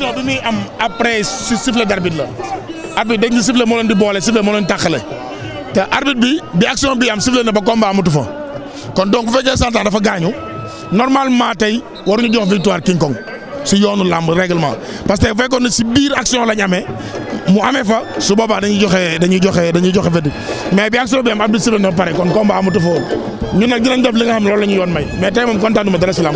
décision bi muy am après si sifflet la arbitre dañ ni sifflet di boole sifflet moo leen tàqale te arbitre bi bi action bi am sifflet na ba combat amatu fa kon donc bu fekkee Santang dafa gaañu normalement tey waruñu jox victoire King Kong si yoonu làmb règlement parce que bu fekkoon ne si biir action lañ amee mu amee fa su boobaa dañuy joxe dañuy joxe dañuy joxe verdict mais bi action bi am arbitre sifflet na ba pare kon combat amatu fa woon ñun nag dinañ def li nga xam